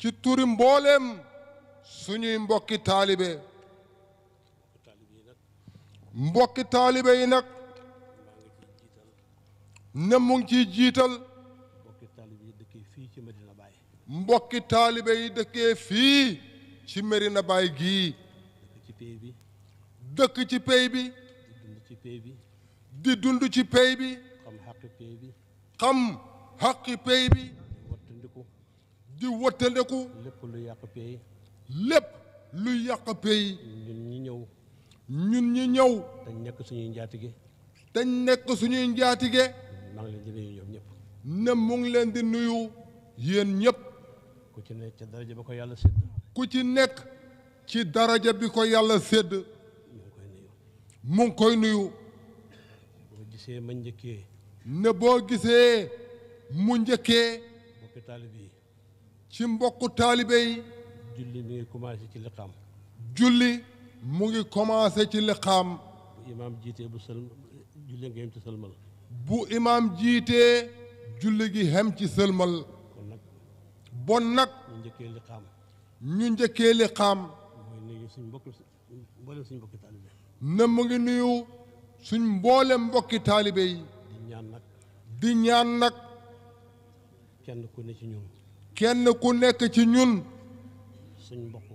ci turi mbooleem suñuy mbokki taalibe mbokki taalibe yi nag ne mu ngi ciy jiital mbokki taalibe yi dëkkee fii ci Medina Baye mbokki taalibe yi dëkkee fii ci Medina Baye gii dëkk ci pey bi dëkk ci pey bi di dund ci pey bi di dund xam xaqi pey bi di wëttaleku. lépp lu yàq pays. lépp lu yàq pays. ñun ñi ñëw. ñun ñi ñëw. dañ nekk suñuy njaatige. dañ nekk suñuy njaatige. maa ngi leen di nuyu ñoom ñëpp. ne mu ngi leen di nuyu yéen ñëpp. ku ci nekk ci daraja bi ko yàlla sédd. ku ci nekk ci daraja bi ko yàlla sédd. mu ngi koy nuyu. boo gisee ma njëkkee. ne boo gisee mu njëkkee. mbokki taalib ci mbokku taalibe yi julli mi ngi commencé ci liqaam julli mu ngi commencé ci liqaam bu imaam jiitee bu sël julli nga ci sëlmal bu imaam jiitee julli gi hem ci sëlmal kon nag bon nag ñu njëkkee liqaam ñu njëkkee liqaam mooy nuyu suñ mbokki mboolem suñ mbokki taalibe na mu ngi nuyu suñ mboolem mbokki taalibe yi di ñaan nag di ñaan nag kenn ku ne ci ñoom kenn ku nekk ci ñun. suñ mbokk.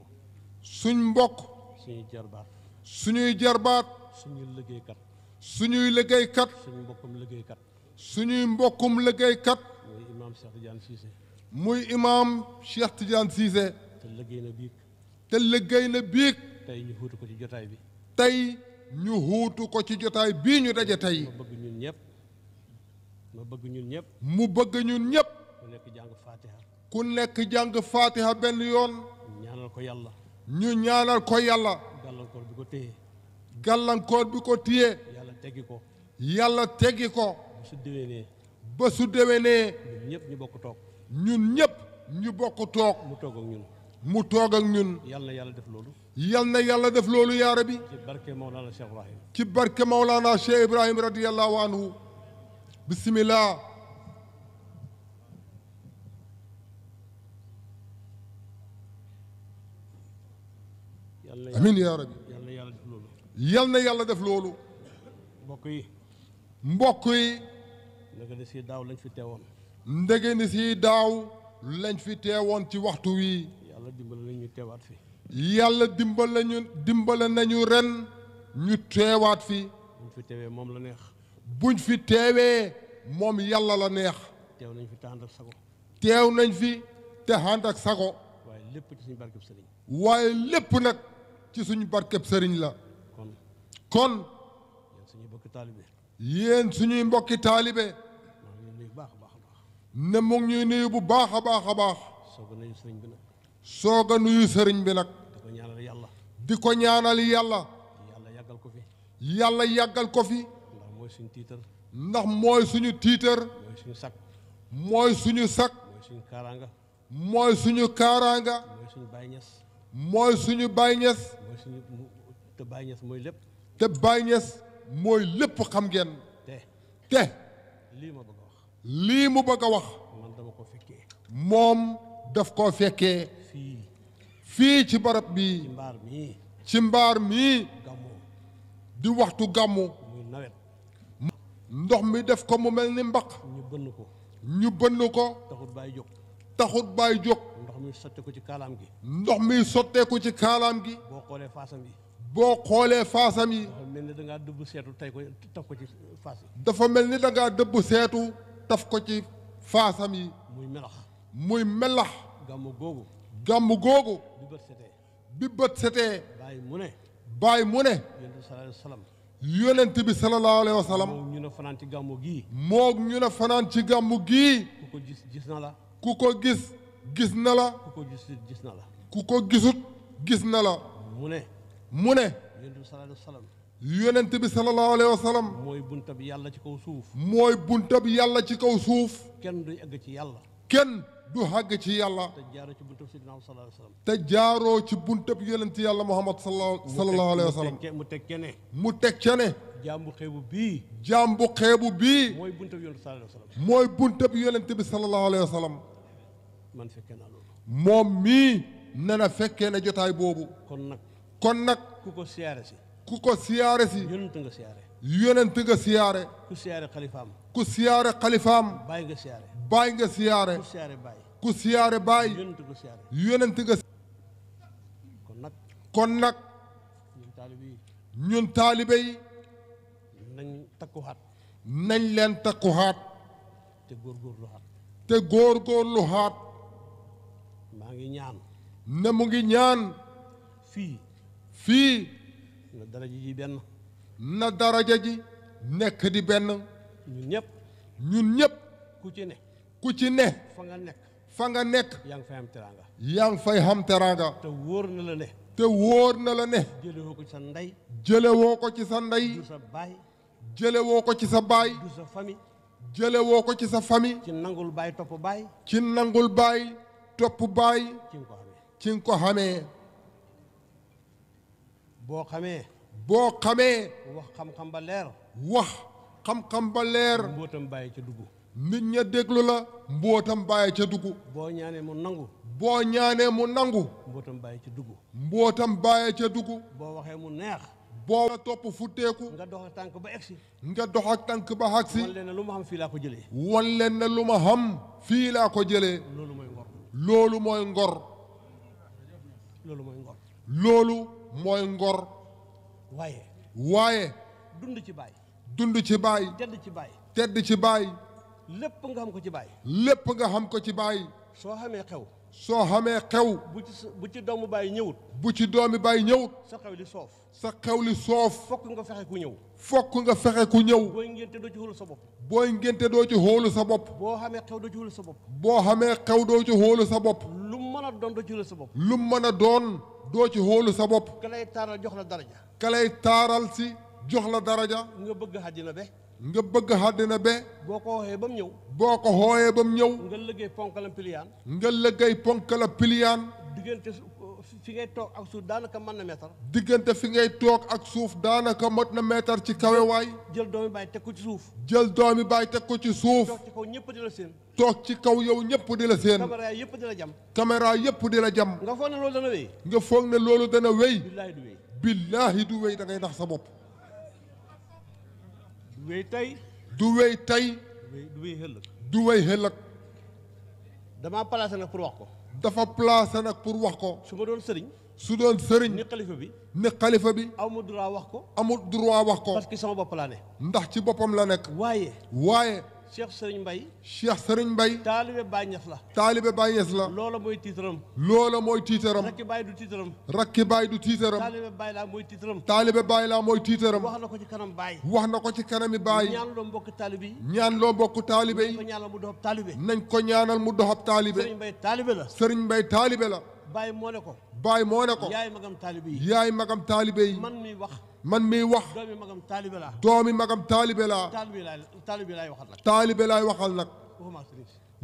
suñ mbokk. suñuy jarbaat. suñuy jarbaat. suñuy liggéeykat. suñuy liggéeykat. suñuy mbokkum liggéeykat. suñuy mbokkum liggéeykat. muy imaam Cheikh Tidiane Cissé. muy imaam Cheikh Tidiane Cissé. te liggéey na biig. te liggéey na tey ñu huutu ko ci jotaay bi. tey ñu huutu ko ci jotaay bii ñu daje tey. ma bëgg ñun ñëpp. ma bëgg ñun ñëpp. mu bëgg ñun ñëpp. ku nekk jàng ku nekk jàng faatiha benn yoon. ñaanal ko yàlla. ñu ñaanal ko yàlla. gàllankoor bi ko téye. gàllankoor bi ko téye. yàlla teggi ko. yàlla teggi ko. ba su déwénee. ba su déwénee. ñun ñëpp ñu bokk toog. ñun ñëpp ñu bokk toog. mu toog ak ñun. mu toog ak ñun. yàlla yàlla def loolu. yal na yàlla def loolu yaara bi. ci barke Maulana Cheikh Ibrahim. ci barke Maulana Cheikh Ibrahim amin yaa rabbi yal na yàlla def loolu mbokk yi mbokk yi ndege ni si daaw lañ fi teewoon ndege ni si daaw lañ fi teewoon ci waxtu wii yàlla dimbale nañu teewaat fi yàlla dimbale ñu dimbale nañu ren ñu teewaat fi buñ fi teewee moom la neex buñ fi teewee moom yàlla la neex teew nañ fi te ànd ak sago teew nañ fi te ànd ak sago waaye lépp ci suñu barkeb sëriñ waaye lépp nag ci suñu barkeb sëriñ la kon kon yéen suñuy mbokki taalibe yéen suñuy mbokki taalibe ne mu ngi ñuy nuyu bu baax a baax a baax soog a nuyu sëriñ bi nag di ko ñaanal yàlla yàlla yàggal ko fi yàlla yàggal ko fi ndax mooy suñu tiitar ndax mooy suñu tiitar mooy suñu sakk mooy suñu sakk mooy suñu kaaraanga mooy suñu kaaraanga suñu bàyyi ñes mooy suñu bàyyi ñes suñu te Baye Niass mooy lépp. lépp xam ngeen. te te. lii ma bëgg a wax. lii mu bëgg a wax. moom daf koo fekkee. fii. fii ci barab bii. ci mbaar mii. ci mbaar mii. di waxtu gàmmu. nawet. ndox mi def ko mu mel ni mbaq. ñu bënn ko. ñu ko. taxut taxut baay jóg. ndox mi sotteeku ci kaalaam gi. ndox mi sotteeku ci kaalaam gi. boo xoolee faasam yi. boo xoolee faasam yi. mel ni da ngaa dëbb seetu tey ko taf ko ci faas dafa mel ni da ngaa seetu taf ko ci faasam yi. muy melax. muy melax. gàmm googu. gàmm googu. bi bët setee. bi bët setee. bàyyi mu ne. bàyyi mu ne. yonent bi sallallahu alayhi wa sallam. ñu ne fanaan ci gàmmu gi moom ñu ne fanaan ci gàmmu gi ku gis gis na ku ko gis. gis na la ku ko gisul gis na la ku gisut gis na la mu ne mu sallallahu alayhi wa sallam yonent bi sallallahu alayhi wa sallam mooy bunta bi yàlla ci kaw suuf mooy bunta bi yàlla ci kaw suuf kenn du egg ci yàlla kenn du àgg ci yàlla te jaaroo ci buntab sayyidina sallallahu alayhi wa sallam te jaaroo ci buntab yonent yàlla Muhammad sallallahu alayhi wa sallam mu teg ca mu teg ca ne jaam bu xeebu bii jaam bu xeebu bii mooy buntab yonent sallallahu alayhi wa sallam mooy buntab yonent bi sallallahu alayhi wa sallam man fekkee naa moom mii nee na fekkee na jotaay boobu. kon nag kon nag. ku siyaare si. ku ko siyaare si. yonent nga siyaare. yonent nga siyaare. ku siyaare siyaare xalifaam. baay nga siyaare. baay nga siyaare. ku siyaare baay. ku siyaare baay. yonent nga siyaare. nag. kon nag. ñun taalibe yi. ñun nañ leen takkuwaat. te góorgóorlu xaat. te ngi ñaan. ne mu ngi ñaan. fii. fii. na daraja ji benn. na daraja ji. nekk di benn. ñun ñëpp. ñun ñépp ku ci ne. ku ci ne. fa nga nekk. fa nga nekk. yaa ngi fay am teraanga. te wóor na la ne. te wóor na la ne. jëlewoo ko ci sa ndey. jëlewoo ko ci sa ndey. du baay. jëlewoo ko ci sa baay. du ko ci sa famille. ci nangul baay topp baay. ci nangul baay. topp baay ci nga ko xamee boo xamee boo xamee wax xam-xam ba leer wax xam-xam ba leer mbootam bàyyi ca dugg nit ña déglu la mbootam bàyyi ca dugg boo ñaanee mu nangu boo ñaanee mu nangu mbootam bàyyi ca dugg mbootam bàyyi ca dugg boo waxee mu neex boo nga topp futteeku nga dox ak tànk ba egsi nga dox ak tànk ba agsi wan leen na lu ma xam fii laa ko jëlee xam fii laa ko jëlee loolu mooy ngor. loolu mooy ngor. loolu mooy ngor. waaye. waaye. dund ci baay. dund ci baay. tedd ci baay. tedd ci baay. lépp nga xam ko ci baay. lépp nga xam ko ci baay. soo xamee xew. soo xamee xew. bu ci bu ci doomu baay ñëwut. bu ci doomi baay ñëwut. sa xew li soof. sa xew li soof. fokk nga fexe ku ñëw. fokk nga fexe ku ñëw. booy ngénte doo ci xoolu sa bopp. booy doo ci xoolu sa bopp. boo xamee xew doo ci xoolu sa bopp. boo xamee xew doo ci xoolu sa bopp. lu mu mën a doon doo ci xoolu sa bopp. lu mu mën a doon doo ci xoolu sa bopp. ka lay taaral jox la daraja. ka taaral si jox la daraja. nga bëgg àddina be. nga bëgg na be boo ko xooyee ba mu ñëw boo ko xooyee ba mu ñëw nga liggéey ponkala piliyaan nga liggéey ponkala piliyaan diggante fi ngay toog ak suuf daanaka mën na meetar diggante fi ngay toog ak suuf daanaka mot na meetar ci kawewaay jël doomi bàyyi teg ko ci suuf jël doomi baay teg ko ci suuf toog ci kaw ñëpp di la seen toog ci kaw yow ñëpp di la seen caméra yëpp di la jam caméra yëpp di la jam nga foog ne loolu dana wéy nga foog ne loolu dana wéy billaahi du wéy billaahi du wéy da ngay nax sa bopp du wéy tey. du wéy tey. du wéy ëllëg. du wéy ëllëg. damaa placé nag pour wax ko. dafa placé nag pour wax ko. su ma doon sëriñ. su doon sëriñ. ni xalifa bi. ni xalifa bi. amul droit wax ko. amul droit wax ko. parce sama bopp ne. ndax ci boppam la nekk. waaye. waaye. Cheikh Serigne Mbaye. Cheikh Serigne Mbaye. taalibe Baay Ñas la. taalibe Baay Ñas la. Lolo mooy tiitaram. loola mooy tiitaram. rakki Baay du tiitaram. rakki Baay du tiitaram. taalibe Baay laa mooy tiitaram. taalibe Baay laa mooy tiitaram. wax ko ci kanam Baay. wax ko ci kanami Baay. ñaan loo mbokk taalibe yi. ñaan loo mbokk talibé yi. nañ ko ñaanal mu doxab taalibe. nañ ko ñaanal mu doxab taalibe. Serigne Mbaye taalibe la. Serigne Mbaye taalibe la. Baay moo ne ko. Baay moo ne ko. yaay magam taalibe yaay magam taalibe man mi wax. man miy wax. doomi magam taalibe laa. doomi magam taalibe laa. taalibe laay waxal nag. taalibe laay waxal nag.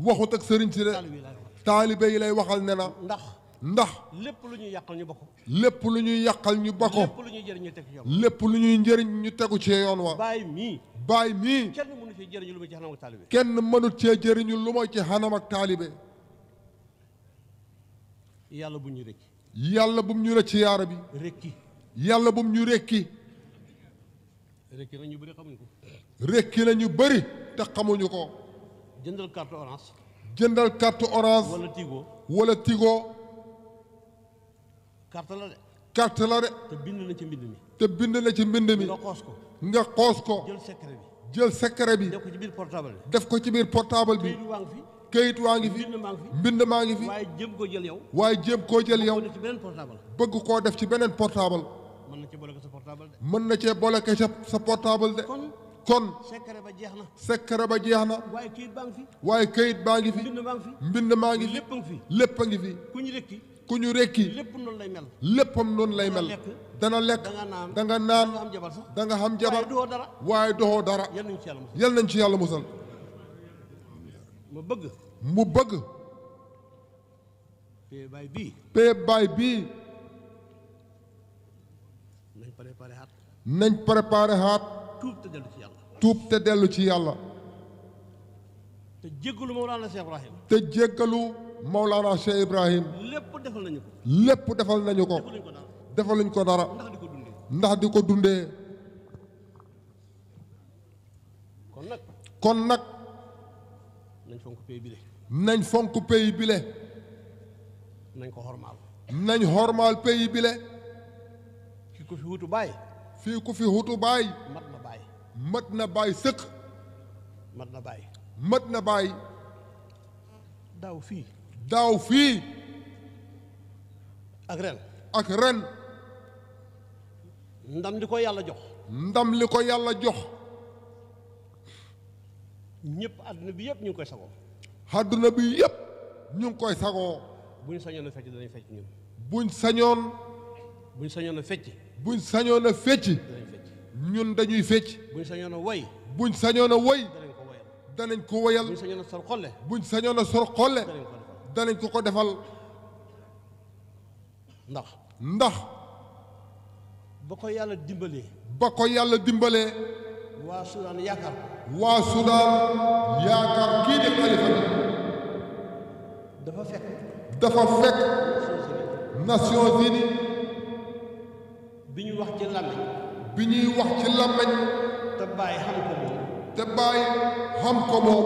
waxut ak sëriñ si de. taalibe yi lay waxal ne na. ndax. ndax. lépp lu ñuy yàqal ñu ba lépp lu ñuy yàqal ñu ba ko. lépp ñuy njëriñ ñu tegu ci yoon. ñuy njëriñ ñu tegu ci yoon wa. baay mii. baay mii. kenn mënut cee jëriñu lu ma ci xanam ak taalibe. kenn mënut cee jëriñu lu ma ci xanam ak yàlla bu ñu rëcc. yàlla ñu rëcc yaara bi. rëkki. yàlla bu mu ñu rekki rekki la ñu bëri xamuñu ko. rekki la ñu bëri te xamuñu ko. jëndal carte orange. jëndal carte orange. wala tigo wala tigo. carte la de. carte la de. te bind na ci mbind mi. te bind na ci mbind mi. nga xoos ko. nga ko. jël secret bi. jël secret bi. def ko ci biir portable bi. def ko ci biir portable bi. këyit waa ngi fi. këyit waa ngi fi. mbind maa ngi fi. waaye jéem koo jël yow. waaye jéem koo jël yow. bëgg koo def ci beneen portable. mën na cee boole ko sa portable de. mën na cee boole ko sa portable de. kon kon. secret ba jeex na. secret ba jeex na. waaye këyit baa ngi fi. waaye këyit baa ngi fi. mbind maa ngi fi. mbind maa ngi fi. lépp a ngi fi. lépp a ngi fi. ku ñu rekki. ku ñu rekki. lépp noonu lay mel. léppam noonu lay mel. dana lekk da nga naan da nga xam jabar. waaye doxoo dara. yal nañ ci yàlla musal yal nañ ci yàlla musal. mu bëgg. mu bëgg. pay baay bii. pay baay bii. nañ préparé haat tuub te dellu ci yàlla te jéggalu Mawlaana Cheikh Ibrahim te jéggalu Mawlaana Cheikh Ibrahim lépp defal nañu ko lépp defal nañu ko defaluñ ko dara ndax di ko dundee kon nag kon nag nañ fonk pays bile nañ fonk pays bile nañ ko xormaal nañ xormaal pays bile ki ko fi wutu bàyyi fii ku fi xutu baay. mat na baay. mat na baay sëq. mat na baay. mat na baay. daaw fii. daaw fii. ak ren. ak ren. ndam li ko yàlla jox. ndam li ko yàlla jox. ñëpp àdduna bi yëpp ñu ngi koy sagoo. àdduna bi yëpp ñu ngi koy sagoo. buñ sañoon a fecc danañ fecc ñun. buñ sañoon. buñ sañoon a fecc. buñ sañoon a fecc ñun dañuy fecc buñ sañoon a woy buñ sañoon a woy danañ ko woyal buñ sañoon a sor xolle buñ sañoon a sor xolle danañ ko ko defal ndax ndax ba ko yàlla dimbalee ba ko yàlla dimbalee waa Soudan yaakaar waa Soudan yaakaar kii di xalifa dafa fekk dafa fekk Nations Unies bi ñu wax ci làmmiñ bi ñuy wax ci làmmiñ te bàyyi xam ko moom te bàyyi xam ko moom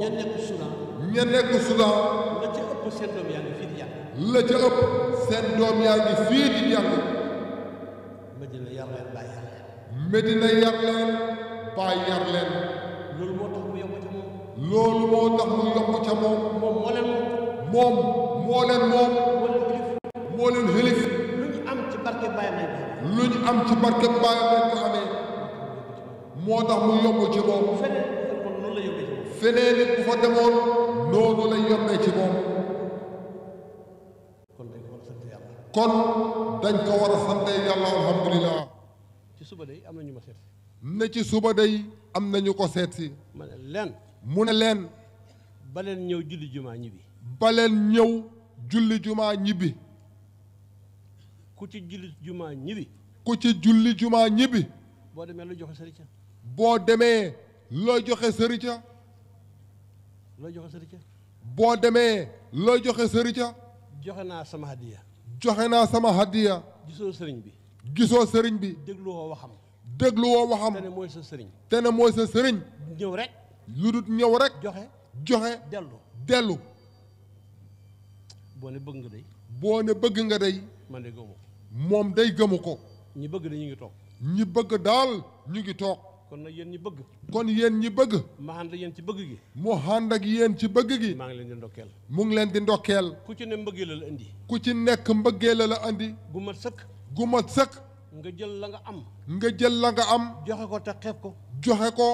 ña nekk Soudan ña nekk Soudan la ca ëpp seen doom yaa ngi fii di jàng la ca ëpp seen doom yaa Medina yar leen bàyyi yar leen loolu moo tax mu yokk ca moom loolu moo tax mu yokk ca moom moom moo leen moom moo leen moom lu ñu am ci barke baayam lañ ko amee moo tax mu yomb ci moom feneen nit bu fa demoon noonu lay yombee ci moom kon dañ ko war a sante yàlla alhamdulilah ci suba day am na ñu ma seet ne ci suba day am na ñu ko seet si mu ne leen mu ne leen baleen ñëw julli jumaa ñibbi baleen ñëw julli jumaa ñibbi ku ci julli jumaa ñibbi. ku ci julli jumaa boo demee looy joxe sëriñ boo demee loo joxe sëriñ ca. joxe sëriñ boo demee loo joxe sëriñ joxe naa sama hadiya. joxe naa sama hadiya. gisoo sëriñ bi. gisoo sëriñ bi. dégluwoo waxam. dégluwoo waxam. te ne mooy sa sëriñ. te ne mooy ñëw rek. lu ñëw rek. joxe joxe. dellu dellu. boo ne bëgg nga day. boo ne bëgg nga day. man de moom day gëmu ko. ñi bëgg dañu ngi toog. ñi bëgg daal ñu ngi toog. kon nag yéen ñi bëgg. kon yéen ñi bëgg. ma ànd ak yéen ci bëgg gi. mu ànd ak yéen ci bëgg gi. maa ngi leen di ndokkeel. mu ngi leen di ndokkeel. ku ci ne mbëggee la la indi. ku ci nekk mbëggeel la la indi. gu mat sëkk. gu mat sëkk. nga jël la nga am. nga jël la nga am. joxe ko te xeeb ko. joxe ko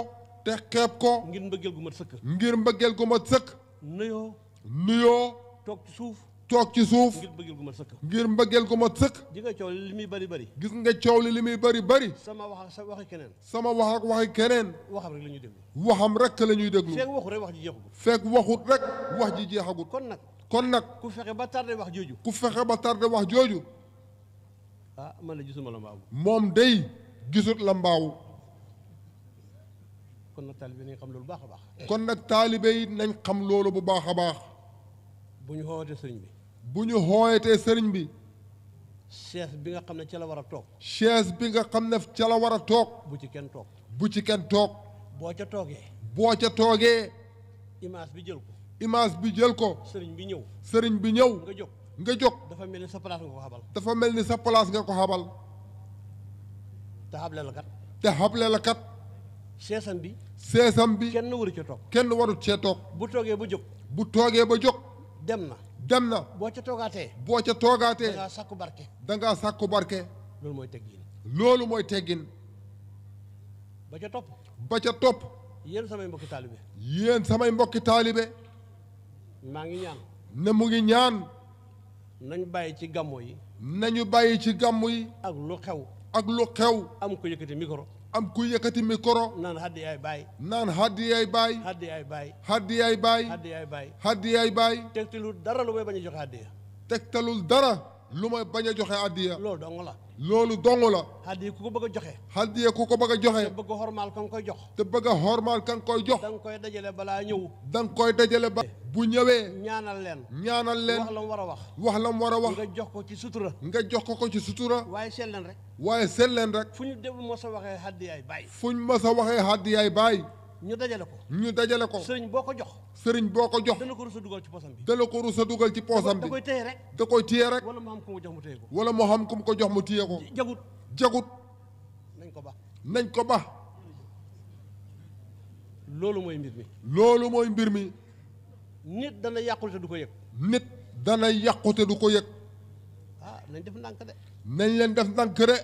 te xeeb ko. ngir mbëggeel gu mat sëkk. ngir mbëggeel gu mat sëkk. nuyoo. nuyoo. toog ci suuf. toog ci suuf ngir mbëggeel gu ma sëkk ngir mbëggeel gu ma sëkk gis nga coow li li muy bëri bëri gis nga coow li li muy bëri bëri sama wax sa waxi keneen sama wax ak waxi keneen waxam rek la ñuy déglu waxam rek la ñuy déglu fekk waxut rek wax ji jeexagut fekk waxut rek wax ji jeexagut kon nag kon nag ku fexe ba tardé wax jooju ku fexe ba tardé wax jooju ah man la gisuma la mbaaw moom day gisut la mbaaw kon nag taalibe nañ xam loolu bu baax a baax kon nag taalibe yi nañ xam loolu bu baax a baax bu ñu xoowatee sëriñ bi bu ñu hooyatee sëriñ bi. chaise bi nga xam ne ca la war a toog. chaise bi nga xam ne ca war a toog. bu ci kenn toog. bu ci kenn toog. boo ca toogee. boo ca toogee. image bi jël ko. image bi jël ko. sëriñ bi ñëw. sëriñ bi ñëw. nga jóg nga jóg. dafa mel ni sa place nga ko xabal. dafa mel ni sa place nga ko xabal. te xable la kat. te xable la kat. seesam bi. seesam bi. kenn waru ca toog. kenn waru cee toog. bu toogee ba jóg. bu toogee ba jóg. dem na. dem na. boo ca toogaatee. boo ca toogaatee. da ngaa barke. da ngaa barke. loolu mooy teggin. loolu mooy teggin. ba ca topp. ba ca topp. yéen samay mbokki taalibe. yéen samay mbokki taalibe. maa ngi ñaan. ne mu ngi ñaan. nañ bàyyi ci gàmmu yi. nañu bàyyi ci gàmmu yi. ak lu xew. ak lu xew. am ko yëkkati micro. am ku yëkkati micro. naan haddi yaay baay. naan haddi yaay baay. haddi yaay baay. haddi yaay baay. haddi yaay baay. haddi baay. tegtalul dara lu may bañ a joxe addiya. tegtalul dara lu may bañ a joxe addiya. loolu dong la. loolu dong la. hadiya ku ko bëgg a joxe. hadiya ku ko bëgg a joxe. te bëgg a xormaal kan koy jox. te bëgg a xormaal kan koy jox. da koy dajale balaa ñëw. da koy dajale ba. bu ñëwee. ñaanal leen. ñaanal leen wax la mu war a wax. wax la mu war a wax. nga jox ko ci sutura. nga jox ko ko ci sutura. waaye seet leen rek. waaye seet leen rek. fu ñu déglu mos a waxee hadiyaay baay. fu ñu mos a waxee hadiyaay baay. ñu dajale ko. ñu dajale ko. sëriñ boo ko jox. sëriñ boo ko jox. dala ko rus a dugal ci poosam bi. dala ko rus a dugal ci poosam bi. da koy téye rek. da koy téye rek. wala moo xam ku mu jox mu téye ko. wala moo xam ku mu ko jox mu téye ko. jagut jagut. nañ ko ba. nañ ko ba. loolu mooy mbir mi. loolu mooy mbir mi. nit dana yàqu te du ko yëg. nit dana yàqu te du ko yëg. ah nañ def ndànk de. nañ leen def ndànk de.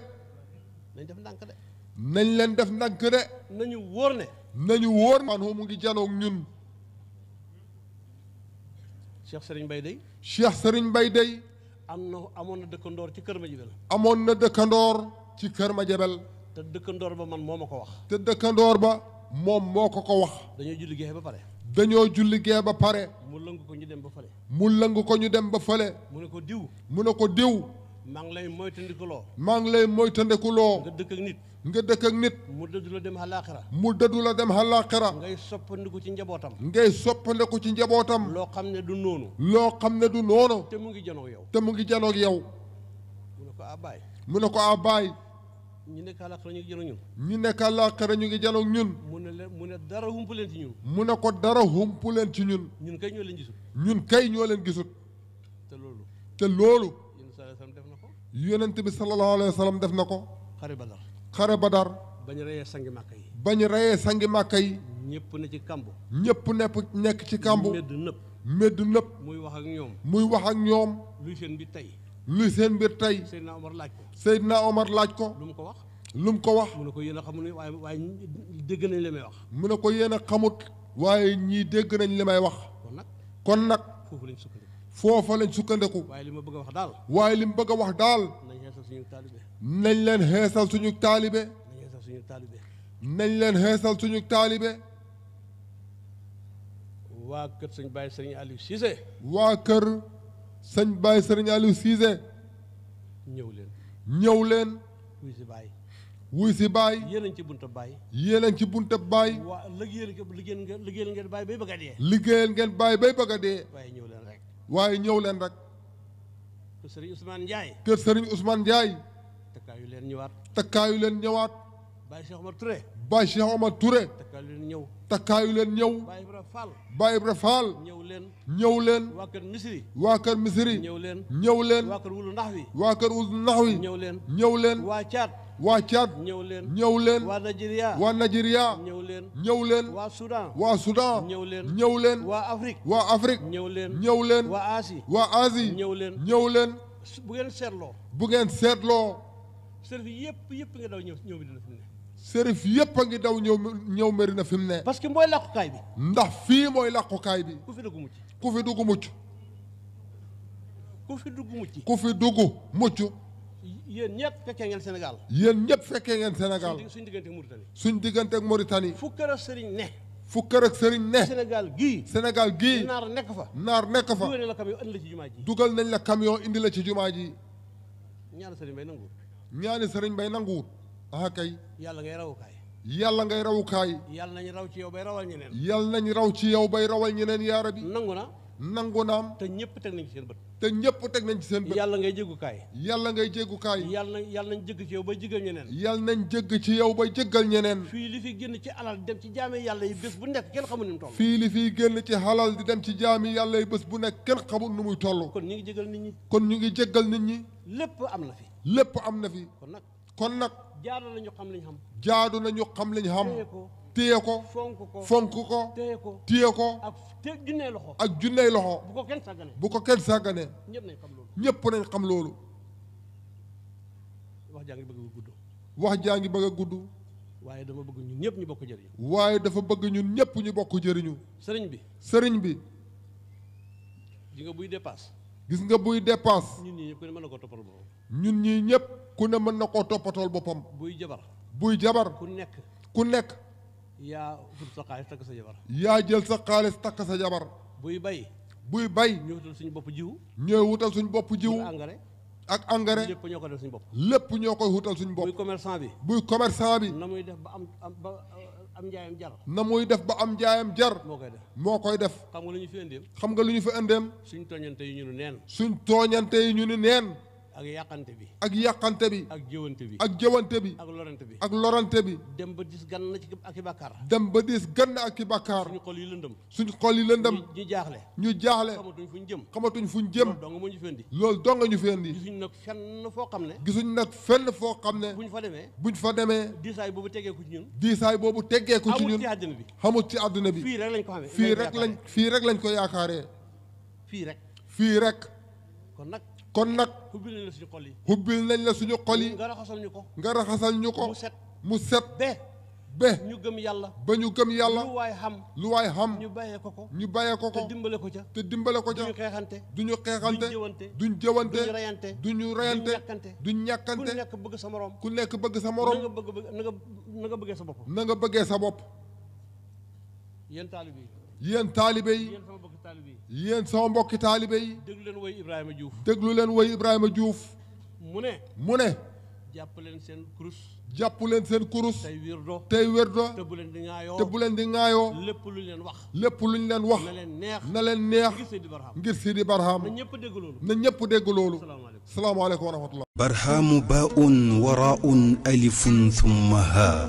nañ def ndànk de. nañ leen def ndànk de. nañu wóor ne. nañu wóor man mu ngi janoog ñun Cheikh Serigne Mbaye day Cheikh Serigne Mbaye day am na amoon na dëkkandoor ci kër Madiabel amoon na dëkkandoor ci kër Madiabel te dëkkandoor ba man moo ma ko wax te dëkkandoor ba moom moo ko ko wax dañoo julli gee ba pare dañoo julli gee ba pare mu lëng ko ñu dem ba fële mu lëng ko ñu dem ba fële mu ne ko diw mu ne ko diw maa ngi lay moytandikuloo maa ngi lay moytandikuloo nga dëkk ak nit nga dëkk ak nit. mu dëddu la dem àllaaxira. mu dëddu la dem àllaaxira. ngay soppandiku ci njabootam. ngay soppandiku ci njabootam. loo xam ne du noonu. loo xam ne du noonu. te mu ngi janoog yow. te mu ngi janoog yow. mu ne ko abaay. Ah, mu ne ko abaay. Ah, ñu nekk àllaaxira ñu ngi janoog ñun. ñu nekk àllaaxira ñu ngi janoog ñun. mu ne leen mu ne dara humpu leen ci ñun. mu ne ko dara humpu leen ci ñun. ñun kay ñoo leen gisut. ñun kay ñoo leen gisut. te loolu. te loolu. yonent bi sallallahu alayhi wa sallam def na ko. xare Badar. xare badar bañ reyee sangi màkka yi bañ reyee sangi màkka yi ñëpp ne ci kamb ñëpp nepp nekk ci kamb medd nëpp medd nëpp muy wax ak ñoom muy wax ak ñoom luy seen mbir tey luy seen mbir tey Seydina Omar laaj ko Seydina Omar laaj ko lu mu ko wax lu mu ko wax mu ne ko yéen a xamul waaye waaye dégg nañ li may wax mu ne ko yéen a xamut waaye ñii dégg nañ li may wax kon nag kon nag foofu lañ sukkandiku foofa lañ sukkandiku waaye li ma bëgg a wax daal waaye li mu bëgg a wax daal nañ xeesal suñu taalibe nañ leen xeesal suñu taalibe. nañ leen xeesal suñu taalibe. nañ leen xeesal suñu taalibe. waa kër sëñ Baye Serigne Aliou Cissé. waa kër sëñ Baye Serigne Aliou Cissé. ñëw leen. ñëw leen. wuy si Baye. wuy si Baye. yéen a ngi ci bunta Baye. yéen a ngi ci bunta Baye. waa liggéeyal ngeen liggéeyal ngeen Baye bay bëgg a dee. liggéeyal ngeen Baye bay bëgg waaye ñëw leen rek. waaye ñëw leen rek. kër Serigne Ousmane Ndiaye. kër Serigne Ousmane Ndiaye. takkaayu leen ñëwaat. takkaayu leen ñëwaat. Baye Cheikh Omar Touré. Baye Cheikh Omar Touré. takkaayu leen ñëw. takkaayu leen ñëw. Baye Ibra Fall. Baye Ibra Fall. ñëw leen. ñëw leen. waa kër Misiri. waa kër Misiri. ñëw leen. ñëw leen. waa kër Wulu Ndax wi. waa kër Wulu Ndax wi. ñëw leen. ñëw leen. waa Caat. waa Tchad ñëw leen ñëw leen waa Nigeria waa Nigeria ñëw leen ñëw leen waa Soudan waa Soudan ñëw leen ñëw leen waa Afrique waa Afrique ñëw leen ñëw leen waa Asie waa Asie ñëw leen ñëw leen bu ngeen seetloo bu ngeen seetloo sërëf yëpp yëpp nga daw ñëw ñëw Medina fi mu ne. sërëf yëpp ngi daw ñëw ñëw Medina fi mu ne. parce que mooy làqukaay bi. ndax fii mooy làqukaay bi. ku fi dugg mucc ku fi dugg mucc. ku fi dugg mucc. ku fi dugg mucc. yéen ñëpp fekkee ngeen Sénégal. yéen ñëpp fekkee ngeen Sénégal. suñ diggante ak Mauritanie. suñ diggante ak Mauritanie. fu kër ak sëriñ ne. fu kër ak sëriñ ne. Sénégal gii. senegal gii. naar nekk fa. naar nekk fa. dugal nañ la camion indi la ci jumaa ji. dugal nañ la camion indi la ci jumaa ji. ñaanu sëriñ bay nangu. ñaani sëriñ bay nanguwut aha kay yàlla ngay rawukaay yàlla ngay rawukaay yàlla nañ raw ci yow bay rawal ñeneen yàlla nañ raw ci yow bay rawal ñeneen yaa rabbi nangu na nangu naam te ñëpp teg nañ ci seen bët te ñëpp teg nañ ci seen bët yàlla ngay jéggukaay yàlla ngay jéggukaay yàlla nañ yàlla nañ jégg ci yow bay jéggal ñeneen yàlla nañ jégg ci yow bay jéggal ñeneen fii li fi génn ci alal di dem ci jaami yàlla yi bés bu nekk kenn xamul nu mu toll fii li fi génn ci alal di dem ci jaami yàlla yi bés bu nekk kenn xamul nu muy toll kon ñu ngi jéggal nit ñi kon ñu ngi jéggal nit ñi lépp am na fi lépp am na fi. kon nag kon nag. jaadu nañu xam liñ xam. jaadu nañu xam liñ xam. téye ko fonk ko fonk ko. téye ko téye ko. ak junney loxo. ak junney loxo. bu ko kenn sàgganee. bu ko kenn sàgganee. ñëpp nañ xam loolu. ñëpp nañ xam loolu. wax jàngi bëgg a gudd. wax jaa bëgg gudd. waaye dama bëgg ñun ñëpp ñu bokk jëriñu. waaye dafa bëgg ñun ñëpp ñu bokk jëriñu. sëriñ bi sëriñ bi. gis nga buy dépasse. gis nga buy dépasse. ñun ñii ñëpp kenn mën na koo ñun ñii ñëpp ku ne mën na koo toppatool boppam. buy jabar buy jabar. ku nekk ku nekk. yaa jël sa xaalis takk sa jabar. yaa jël sa xaalis takk sa jabar. buy bay. buy bay. ñooy wutal suñu bopp jiwu. ñooy wutal suñu bopp jiwu. ak engrais lépp ñoo koy def suñu bopp. lépp ñoo koy wutal suñu bopp. buy commerçant bi. buy commerçant bi. na muy def ba am ba uh, am njaayam jar. na muy def ba am njaayam jar. moo koy def moo koy def. xam nga lu ñu fi ëndeem. xam nga lu ñu fi ëndeem. suñ tooñante yi ñu ni neen. suñ tooñante yi ñu ni neen. ak yàqante bi ak yàqante bi ak jëwante bi ak jëwante bi ak lorante bi ak lorante bi dem ba dis gann ci ak i bàkkaar dem ba dis gann ak i bàkkaar suñu xol yi lëndëm suñu xool yi lëndëm ñu jaaxle ñu jaaxle xamatuñ fuñ jëm xamatuñ fuñ jëm loolu moo ñu fendi loolu dong ñu fendi gisuñ nag fenn foo xam ne gisuñ nag fenn foo xam ne buñ fa demee buñ fa demee diisaay boobu teggeeku ci ñun diisaay boobu teggeeku ci ñun amul ci àdduna bi xamul ci àdduna bi fii rek lañ ko xamee fii rek lañ fii rek lañ ko yaakaaree fii rek fii rek kon kon nag hubbil nañ la suñu xol yi hubbil nañ la suñu xol yi nga raxasal ñu ko nga raxasal ñu ko mu set mu set be ba ñu gëm yàlla ba ñu gëm yàlla lu waay xam lu waay xam ñu bàyyee ko ko ñu bàyyee ko ko te dimbale ko ca te dimbale ko ca duñu xeexante duñu xeexante duñ jëwante duñu rayante duñu rayante duñ ñàkkante ku nekk bëgg sa morom ku nekk bëgg sa morom na nga bëgg na nga na nga bëggee sa bopp na nga bëggee sa bopp yéen taalibe yi yéen taalibe yi yéen sama mbokki talibé yi. déglu len way Ibrahima Diouf. déglu len way Ibrahima Diouf. mune mune jàpp len sen kurus. jàpp len sen kurus. tay wirdo tay wirdo. te bu len di ngaayo te bu len di ngaayo lépp luñ len wax. lépp luñ leen wax. na leen neex na leen neex. ngir Sidi Barham ngir Sidi Barham. na ñëpp dégg loolu. na ñëpp dégg loolu. salaamaaleykum wa rahmatullah. barhamu baun waraun alifun thumma ha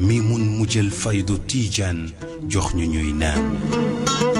mimun mujjal faydu tijaan jox ñu ñuy